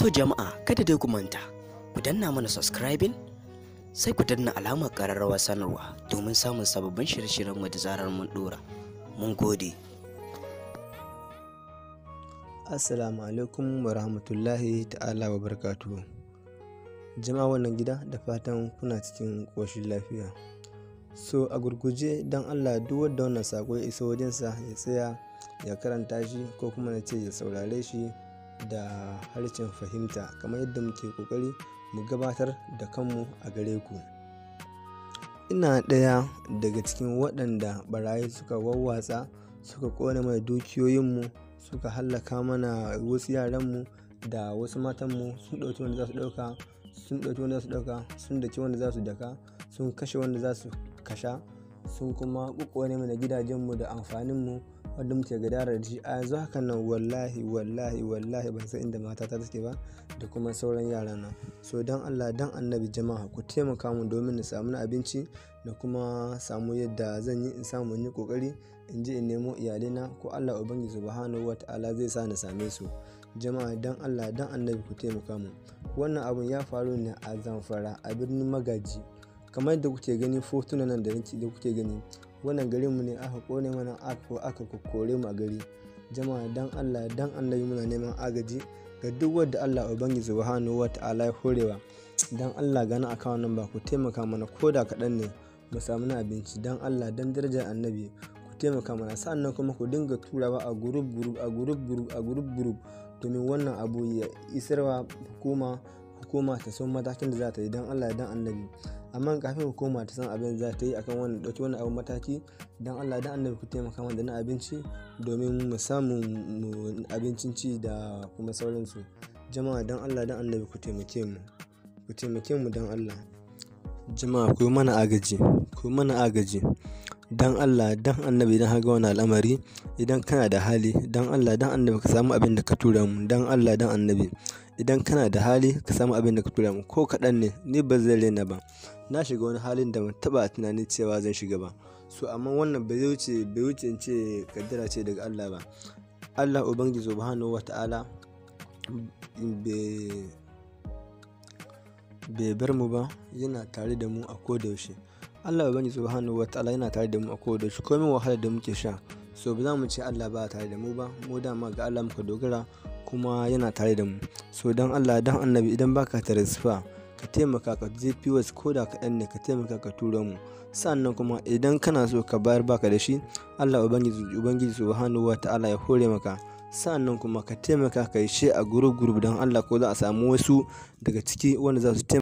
To jama'a kada dai ku manta ku danna mana subscribing sai ku danna alamar ƙararrawar sanarwa domin samun sababbin shirye-shiryen mu da zarar mun dora. Mun gode. Assalamu alaikum wa rahmatullahi ta'ala wa barakatuhu. Jama'a wannan gida da fatan kuna cikin koshin lafiya. So a gurguje don Allah duk wanda wannan sako ya iso wajensa ya tsaya ya karanta shi ko kuma na ce ya saurare shi da harshen fahimta kamar yadda muke ƙoƙari mu gabatar da kanmu a gare ku ina ɗaya daga cikin waɗanda barayi suka wawwatsa suka ƙone mana dukiyoyinmu suka hallaka mana wasu yaranmu da wasu matanmu sun ɗauki wanda za su ɗauka sun ɗauki wanda za su ɗauka sun daki wanda za su daka sun kashe wanda za su kasha sun kuma ƙuƙƙone mana gidajenmu da amfaninmu wanda muke gadara da shi a yanzu hakan nan wallahi wallahi wallahi ban san inda mata ta take ba da kuma sauran yara na so dan allah dan annabi jama'a ku taimaka mu domin na samu abinci da kuma samu yadda zan yi in samu yi kokari in je in nemo iyalina ko allah ubangi subhanahu wataala zai sa na same su jama'a dan allah dan annabi ku taimaka mu wannan abun ya faru ne a zamfara a birnin magaji kamar da kuke gani fotuna nan da kuke gani wannan garin mu ne aka kone mana aka kore mu a gari jama'a dan Allah dan annabi muna neman agaji ga duk wanda Allah ubangi subhanahu wata'ala ya horewa dan Allah gana aka nan ba ku taimaka mana koda kaɗan ne mu samu na abinci dan Allah dan darajar annabi ku taimaka mana sannan kuma ku dinga turawa a gurub gurub a gurub gurub a gurub gurub domin wannan abu ya isarwa hukuma koma ta san matakin da za ta yi don Allah dan annabi amma kafin ku koma ta san abin za ta yi akan wani dauki wani abin mataki don Allah dan annabi ku taimaka mana da na abinci domin mu samu abincin ci da kuma sauransu jama'a don Allah dan annabi ku taimake mu ku taimake mu don Allah jama'a ku mana agaji ku mana agaji dan Allah dan annabi idan haga wani al'amari idan kana da hali dan Allah dan annabi ka samu abin da ka tura mu dan Allah dan annabi idan kana da hali ka samu abin da ka tura mu ko kaɗan ne ni ba zai rena ba na shiga wani halin da ban taɓa tunanin cewa zan shiga ba so amma wannan bai wuce bai wuce in ce kaddara ce daga Allah ba Allah ubangiji subhanahu wata'ala bai bai bar mu ba yana tare da mu a kodaushe Allah ba bani subhanahu wa ta'ala yana tare da mu a kodaushe komai wahala da muke sha so ba za mu ce Allah ba tare da mu ba mu dama ga Allah muka dogara kuma yana tare da mu so dan Allah dan annabi idan baka tarasfa ka taimaka ka je POS ko da kaɗan ne ka taimaka ka tura mu sannan kuma idan kana so ka bayar baka da shi Allah ubangiji ubangiji subhanahu wa ta'ala ya hore maka sannan kuma ka taimaka ka yi shi a gurub gurub don Allah ko za a samu wasu daga ciki wanda za su taimaka